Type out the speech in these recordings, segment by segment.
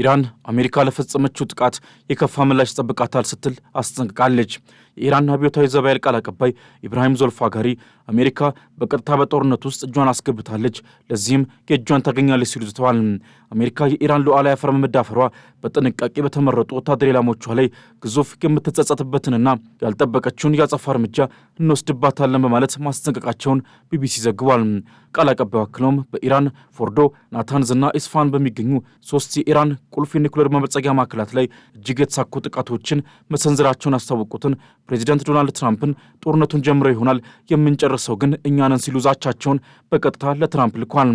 ኢራን አሜሪካ ለፈጸመችው ጥቃት የከፋ ምላሽ ጠብቃታል ስትል አስጠንቅቃለች። የኢራን አብዮታዊ ዘብ ኃይል ቃል አቀባይ ኢብራሂም ዞልፋጋሪ አሜሪካ በቀጥታ በጦርነት ውስጥ እጇን አስገብታለች፣ ለዚህም የእጇን ታገኛለች ሲሉ ዝተዋል። አሜሪካ የኢራን ሉዓላዊ አፈር መዳፈሯ በጥንቃቄ በተመረጡ ወታደር ኢላማዎቿ ላይ ግዙፍ የምትጸጸትበትንና ያልጠበቀችውን የአጸፋ እርምጃ እንወስድባታለን በማለት ማስጠንቀቃቸውን ቢቢሲ ዘግቧል። ቃል አቀባዩ አክለውም በኢራን ፎርዶ፣ ናታንዝ እና ኢስፋን በሚገኙ ሶስት የኢራን ቁልፍ የኒኩሌር መበልጸጊያ ማዕከላት ላይ እጅግ የተሳኩ ጥቃቶችን መሰንዘራቸውን ያስታወቁትን ፕሬዚደንት ዶናልድ ትራምፕን ጦርነቱን ጀምረው ይሆናል የምንጨርስ የደረሰው ግን እኛንን ሲሉ ዛቻቸውን በቀጥታ ለትራምፕ ልኳል።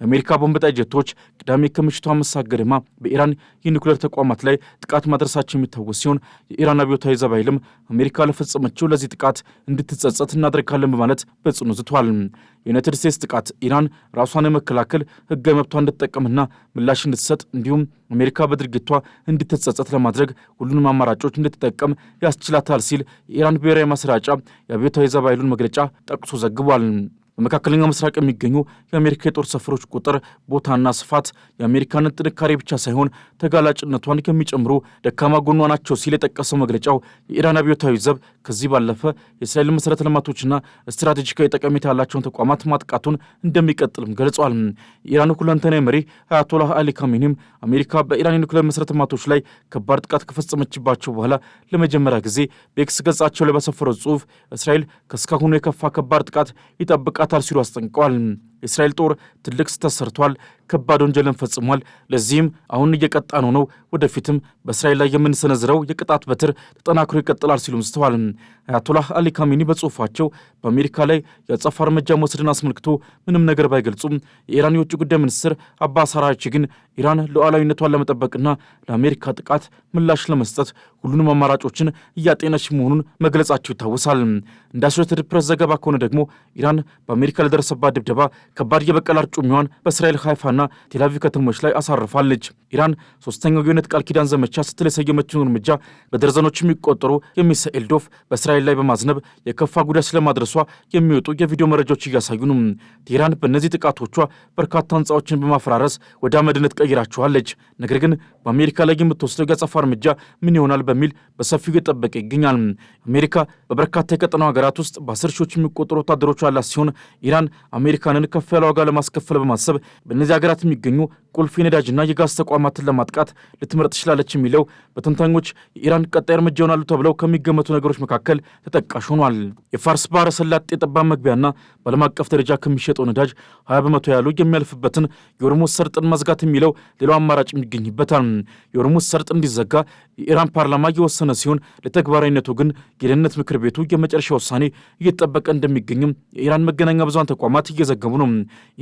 የአሜሪካ ቦምብ ጣይ ጀቶች ቅዳሜ ከምሽቱ አምስት ሰዓት ገደማ በኢራን የኒኩሌር ተቋማት ላይ ጥቃት ማድረሳቸው የሚታወስ ሲሆን የኢራን አብዮታዊ ዘብ ኃይልም አሜሪካ ለፈጸመችው ለዚህ ጥቃት እንድትጸጸት እናደርጋለን በማለት በጽኑ ዝቷል። የዩናይትድ ስቴትስ ጥቃት ኢራን ራሷን የመከላከል ህጋዊ መብቷ እንድትጠቀምና ምላሽ እንድትሰጥ እንዲሁም አሜሪካ በድርጊቷ እንድትጸጸት ለማድረግ ሁሉንም አማራጮች እንድትጠቀም ያስችላታል ሲል የኢራን ብሔራዊ ማሰራጫ የአብዮታዊ ዘብ ኃይሉን መግለጫ ጠቅሶ ዘግቧል። በመካከለኛው ምስራቅ የሚገኙ የአሜሪካ የጦር ሰፈሮች ቁጥር፣ ቦታና ስፋት የአሜሪካን ጥንካሬ ብቻ ሳይሆን ተጋላጭነቷን ከሚጨምሩ ደካማ ጎኗ ናቸው ሲል የጠቀሰው መግለጫው የኢራን አብዮታዊ ዘብ ከዚህ ባለፈ የእስራኤል መሰረተ ልማቶችና ስትራቴጂካዊ ጠቀሜታ ያላቸውን ተቋማት ማጥቃቱን እንደሚቀጥልም ገልጿል። የኢራን ሁለንተናዊ መሪ አያቶላህ አሊ ካሚኒም አሜሪካ በኢራን የኒኩሌር መሰረተ ልማቶች ላይ ከባድ ጥቃት ከፈጸመችባቸው በኋላ ለመጀመሪያ ጊዜ በኤክስ ገጻቸው ላይ በሰፈረው ጽሁፍ እስራኤል ከእስካሁኑ የከፋ ከባድ ጥቃት ይጠብቃል ይጠብቃታል ሲሉ አስጠንቅቀዋል። የእስራኤል ጦር ትልቅ ስተት ሰርቷል፣ ከባድ ወንጀልን ፈጽሟል። ለዚህም አሁን እየቀጣ ነው ነው ወደፊትም በእስራኤል ላይ የምንሰነዝረው የቅጣት በትር ተጠናክሮ ይቀጥላል ሲሉም ዝተዋል። አያቶላህ አሊ ካሚኒ በጽሁፋቸው በአሜሪካ ላይ የአጸፋ እርምጃ መውሰድን አስመልክቶ ምንም ነገር ባይገልጹም የኢራን የውጭ ጉዳይ ሚኒስትር አባስ አራግቺ ግን ኢራን ሉዓላዊነቷን ለመጠበቅና ለአሜሪካ ጥቃት ምላሽ ለመስጠት ሁሉንም አማራጮችን እያጤነች መሆኑን መግለጻቸው ይታወሳል። እንደ አሶሼትድ ፕሬስ ዘገባ ከሆነ ደግሞ ኢራን በአሜሪካ ለደረሰባት ድብደባ ከባድ የበቀል አርጩሜዋን በእስራኤል ሃይፋ አስመራና ቴልአቪቭ ከተሞች ላይ አሳርፋለች። ኢራን ሶስተኛው የእውነት ቃል ኪዳን ዘመቻ ስትል የሰየመችውን እርምጃ በደርዘኖች የሚቆጠሩ የሚሳኤል ዶፍ በእስራኤል ላይ በማዝነብ የከፋ ጉዳት ስለማድረሷ የሚወጡ የቪዲዮ መረጃዎች እያሳዩ ነው። ቴህራን በእነዚህ ጥቃቶቿ በርካታ ህንፃዎችን በማፈራረስ ወደ አመድነት ቀይራቸዋለች። ነገር ግን በአሜሪካ ላይ የምትወስደው የአጸፋ እርምጃ ምን ይሆናል በሚል በሰፊው እየጠበቀ ይገኛል። አሜሪካ በበርካታ የቀጠናው ሀገራት ውስጥ በአስር ሺዎች የሚቆጠሩ ወታደሮች ያላት ሲሆን ኢራን አሜሪካንን ከፍ ያለ ዋጋ ለማስከፈል በማሰብ በእነዚህ ሀገራት የሚገኙ ቁልፍ የነዳጅና የጋዝ ተቋማትን ለማጥቃት ልትመርጥ ትችላለች የሚለው በተንታኞች የኢራን ቀጣይ እርምጃ ይሆናሉ ተብለው ከሚገመቱ ነገሮች መካከል ተጠቃሽ ሆኗል። የፋርስ ባህረ ሰላጤ ጠባብ መግቢያና በዓለም አቀፍ ደረጃ ከሚሸጠው ነዳጅ 20 በመቶ ያሉ የሚያልፍበትን የሆርሙዝ ሰርጥን መዝጋት የሚለው ሌላው አማራጭ ይገኝበታል። የሆርሙዝ ሰርጥ እንዲዘጋ የኢራን ፓርላማ የወሰነ ሲሆን ለተግባራዊነቱ ግን የደህንነት ምክር ቤቱ የመጨረሻ ውሳኔ እየተጠበቀ እንደሚገኝም የኢራን መገናኛ ብዙሃን ተቋማት እየዘገቡ ነው።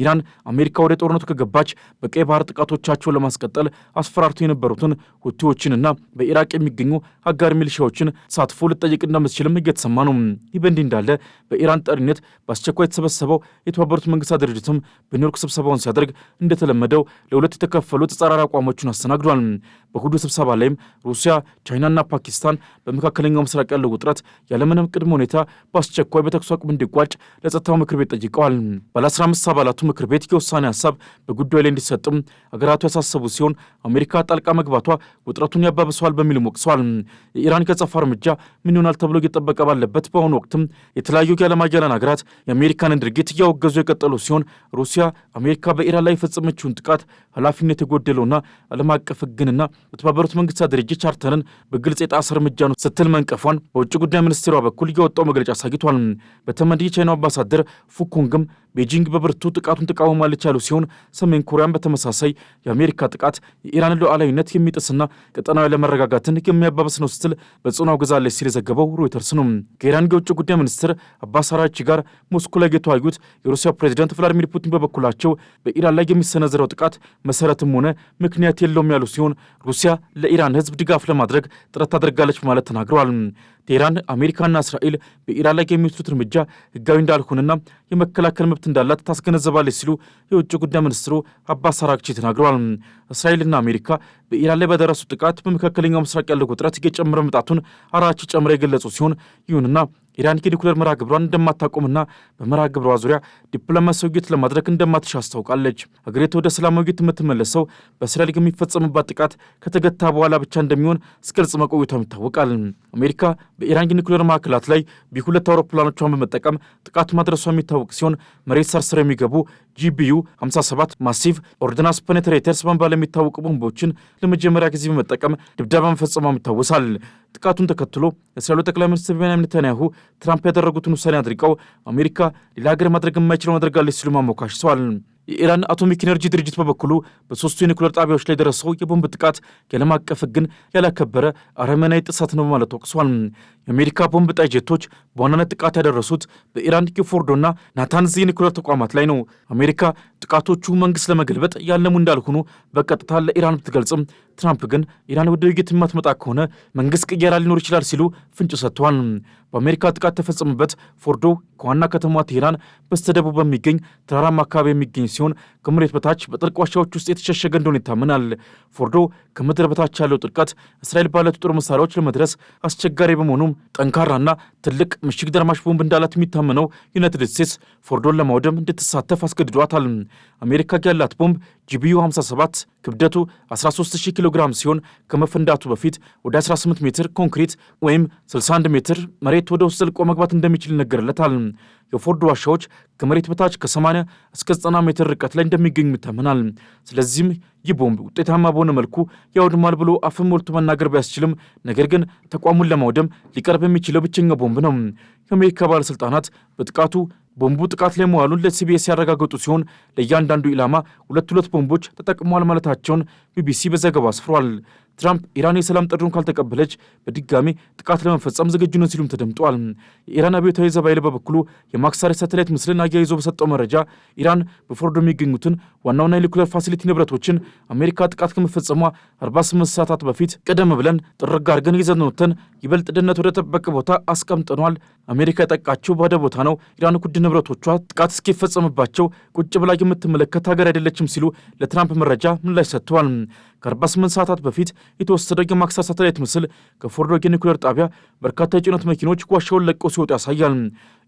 ኢራን አሜሪካ ወደ ጦርነቱ ከገባ እያስገባች በቀይ ባህር ጥቃቶቻቸውን ለማስቀጠል አስፈራርቶ የነበሩትን ሁቲዎችንና በኢራቅ የሚገኙ አጋር ሚሊሻዎችን ሳትፎ ልጠየቅ እንደምትችልም እየተሰማ ነው። ይህ በእንዲህ እንዳለ በኢራን ጠሪነት በአስቸኳይ የተሰበሰበው የተባበሩት መንግስታት ድርጅትም በኒውዮርክ ስብሰባውን ሲያደርግ እንደተለመደው ለሁለት የተከፈሉ ተጻራሪ አቋሞቹን አስተናግዷል። በሁዱ ስብሰባ ላይም ሩሲያ፣ ቻይናና ፓኪስታን በመካከለኛው ምስራቅ ያለው ውጥረት ያለምንም ቅድመ ሁኔታ በአስቸኳይ በተኩስ አቁም እንዲቋጭ ለጸጥታው ምክር ቤት ጠይቀዋል። ባለ 15 አባላቱ ምክር ቤት የውሳኔ ሀሳብ በጉዳዩ ላይ እንዲሰጥም አገራቱ ያሳሰቡ ሲሆን አሜሪካ ጣልቃ መግባቷ ውጥረቱን ያባብሰዋል በሚልም ወቅሰዋል። የኢራን ከጸፋ እርምጃ ምን ይሆናል ተብሎ እየጠበቀ ባለበት በአሁኑ ወቅትም የተለያዩ የዓለም ሀገራት የአሜሪካንን ድርጊት እያወገዙ የቀጠሉ ሲሆን ሩሲያ አሜሪካ በኢራን ላይ የፈጸመችውን ጥቃት ኃላፊነት የጎደለውና ዓለም አቀፍ ሕግንና የተባበሩት መንግስታት ድርጅት ቻርተርን በግልጽ የጣሰ እርምጃ ነው ስትል መንቀፏን በውጭ ጉዳይ ሚኒስቴሯ በኩል የወጣው መግለጫ አሳይቷል። በተመድ የቻይናው አምባሳደር ፉኩንግም ቤጂንግ በብርቱ ጥቃቱን ተቃውማለች ያሉ ሲሆን ሰሜን ኮሪያን በተመሳሳይ የአሜሪካ ጥቃት የኢራን ሉዓላዊነት የሚጥስና ቀጠናዊ ለመረጋጋትን የሚያባብስ ነው ስትል በጽኑ አውግዛለች ሲል የዘገበው ሮይተርስ ነው። ከኢራን የውጭ ጉዳይ ሚኒስትር አባስ አራቺ ጋር ሞስኮ ላይ የተዋዩት የሩሲያ ፕሬዚዳንት ቭላዲሚር ፑቲን በበኩላቸው በኢራን ላይ የሚሰነዘረው ጥቃት መሰረትም ሆነ ምክንያት የለውም ያሉ ሲሆን ሩሲያ ለኢራን ሕዝብ ድጋፍ ለማድረግ ጥረት ታደርጋለች ማለት ተናግረዋል። ቴህራን አሜሪካና እስራኤል በኢራን ላይ የሚወስዱት እርምጃ ህጋዊ እንዳልሆነና የመከላከል መብት መብት እንዳላት ታስገነዘባለች ሲሉ የውጭ ጉዳይ ሚኒስትሩ አባስ አራግቺ ተናግረዋል። እስራኤልና አሜሪካ በኢራን ላይ በደረሱ ጥቃት በመካከለኛው ምስራቅ ያለው ውጥረት እየጨመረ መምጣቱን አራግቺ ጨምረው የገለጹ ሲሆን ይሁንና ኢራን የኒኩሌር መርሃ ግብሯን እንደማታቆምና በመርሃ ግብሯ ዙሪያ ዲፕሎማሲያዊ ውይይት ለማድረግ እንደማትሻ አስታውቃለች። ሀገሪቱ ወደ ሰላማዊ ውይይት የምትመለሰው በእስራኤል የሚፈጸምባት ጥቃት ከተገታ በኋላ ብቻ እንደሚሆን ስትገልጽ መቆየቷም ይታወቃል። አሜሪካ በኢራን የኒኩሌር ማዕከላት ላይ ቢ ሁለት አውሮፕላኖቿን በመጠቀም ጥቃት ማድረሷ የሚታወቅ ሲሆን መሬት ሰርስረው የሚገቡ ጂቢዩ 57 ማሲቭ ኦርዲናንስ ፔኔትሬተርስ በመባል የሚታወቁ ቦምቦችን ለመጀመሪያ ጊዜ በመጠቀም ድብደባ መፈጸሟም ይታወሳል። ጥቃቱን ተከትሎ እስራኤሉ ጠቅላይ ሚኒስትር ቤንያሚን ኔታንያሁ ትራምፕ ያደረጉትን ውሳኔ አድርቀው አሜሪካ ሌላ ሀገር ማድረግ የማይችለው አድርጋለች ሲሉ አሞካሽተዋል። የኢራን አቶሚክ ኤነርጂ ድርጅት በበኩሉ በሶስቱ የኒኩሌር ጣቢያዎች ላይ ደረሰው የቦምብ ጥቃት የዓለም አቀፍ ሕግን ያላከበረ አረመናዊ ጥሰት ነው በማለት ወቅሷል። የአሜሪካ ቦምብ ጣይ ጀቶች በዋናነት ጥቃት ያደረሱት በኢራን ኪፎርዶና ናታንዝ የኒኩሌር ተቋማት ላይ ነው። አሜሪካ ጥቃቶቹ መንግስት ለመገልበጥ ያለሙ እንዳልሆኑ በቀጥታ ለኢራን ብትገልጽም ትራምፕ ግን ኢራን ወደ ውይይት የማትመጣ ከሆነ መንግስት ቅያራ ሊኖር ይችላል ሲሉ ፍንጭ ሰጥተዋል። በአሜሪካ ጥቃት ተፈጸመበት ፎርዶ ከዋና ከተማ ቴህራን በስተደቡብ በሚገኝ ተራራማ አካባቢ የሚገኝ ሲሆን ከመሬት በታች በጥልቅ ዋሻዎች ውስጥ የተሸሸገ እንደሆነ ይታመናል። ፎርዶ ከምድር በታች ያለው ጥልቀት እስራኤል ባለቱ ጦር መሳሪያዎች ለመድረስ አስቸጋሪ በመሆኑም ጠንካራና ትልቅ ምሽግ ደርማሽ ቦምብ እንዳላት የሚታመነው ዩናይትድ ስቴትስ ፎርዶን ለማውደም እንድትሳተፍ አስገድዷታል። አሜሪካ ያላት ቦምብ ጂቢዩ 57 ክብደቱ 13000 ኪሎ ግራም ሲሆን ከመፈንዳቱ በፊት ወደ 18 ሜትር ኮንክሪት ወይም 61 ሜትር መሬት ወደ ውስጥ ዘልቆ መግባት እንደሚችል ይነገርለታል። የፎርድ ዋሻዎች ከመሬት በታች ከ80 እስከ 90 ሜትር ርቀት ላይ እንደሚገኙ ይታመናል። ስለዚህም ይህ ቦምብ ውጤታማ በሆነ መልኩ ያወድማል ብሎ አፍን ሞልቶ መናገር ቢያስችልም ነገር ግን ተቋሙን ለማውደም ሊቀርብ የሚችለው ብቸኛው ቦምብ ነው። የአሜሪካ ባለሥልጣናት በጥቃቱ ቦምቡ ጥቃት ላይ መዋሉን ለሲቢኤስ ያረጋገጡ ሲሆን ለእያንዳንዱ ኢላማ ሁለት ሁለት ቦምቦች ተጠቅመዋል ማለታቸውን ቢቢሲ በዘገባ አስፍሯል። ትራምፕ ኢራን የሰላም ጥሪውን ካልተቀበለች በድጋሚ ጥቃት ለመፈጸም ዝግጁ ነው ሲሉም ተደምጧል። የኢራን አብዮታዊ ዘብ ኃይል በበኩሉ የማክሳሪ ሳተላይት ምስልን አያይዞ በሰጠው መረጃ ኢራን በፎርዶ የሚገኙትን ዋና ዋና የኒኩሌር ፋሲሊቲ ንብረቶችን አሜሪካ ጥቃት ከመፈጸሟ 48 ሰዓታት በፊት ቀደም ብለን ጥርግ አድርገን ይዘን ይበልጥ ደህንነት ወደ ጠበቀ ቦታ አስቀምጠኗል። አሜሪካ የጠቃቸው ባደ ቦታ ነው። ኢራን ኩድ ንብረቶቿ ጥቃት እስኪፈጸምባቸው ቁጭ ብላ የምትመለከት ሀገር አይደለችም ሲሉ ለትራምፕ መረጃ ምላሽ ሰጥተዋል። ከ48 ሰዓታት በፊት የተወሰደ የማክሳት ሳተላይት ምስል ከፎርዶ የኒኩሌር ጣቢያ በርካታ የጭነት መኪኖች ዋሻውን ለቀው ሲወጡ ያሳያል።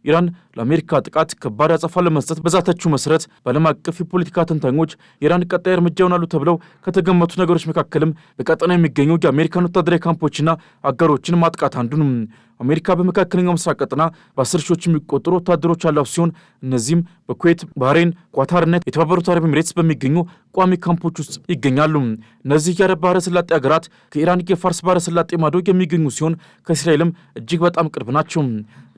ኢራን ለአሜሪካ ጥቃት ከባድ አጸፋ ለመስጠት በዛተችው መሰረት በዓለም አቀፍ የፖለቲካ ተንታኞች ኢራን ቀጣይ እርምጃ ይሆናሉ ተብለው ከተገመቱ ነገሮች መካከልም በቀጠና የሚገኙ የአሜሪካን ወታደራዊ ካምፖችና አጋሮችን ማጥቃት አንዱ ነው። አሜሪካ በመካከለኛው ምስራቅ ቀጠና በአስር ሺዎች የሚቆጠሩ ወታደሮች ያሏት ሲሆን እነዚህም በኩዌት፣ ባህሬን፣ ኳታርና የተባበሩት አረብ ኤምሬትስ በሚገኙ ቋሚ ካምፖች ውስጥ ይገኛሉ። እነዚህ የአረብ ባህረ ስላጤ ሀገራት ከኢራን የፋርስ ባህረ ስላጤ ማዶ የሚገኙ ሲሆን ከእስራኤልም እጅግ በጣም ቅርብ ናቸው።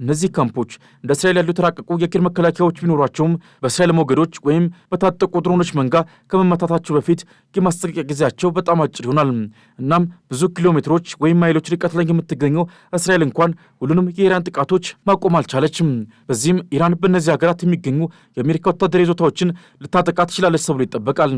እነዚህ ካምፖች እንደ እስራኤል ያሉ የተራቀቁ የኪር መከላከያዎች ቢኖሯቸውም በእስራኤል ሞገዶች ወይም በታጠቁ ድሮኖች መንጋ ከመመታታቸው በፊት የማስጠንቀቂያ ጊዜያቸው በጣም አጭር ይሆናል። እናም ብዙ ኪሎ ሜትሮች ወይም ማይሎች ርቀት ላይ የምትገኘው እስራኤል እንኳን ሁሉንም የኢራን ጥቃቶች ማቆም አልቻለችም። በዚህም ኢራን በእነዚህ ሀገራት የሚገኙ የአሜሪካ ወታደራዊ ይዞታዎችን ልታጠቃ ትችላለች ተብሎ ይጠበቃል።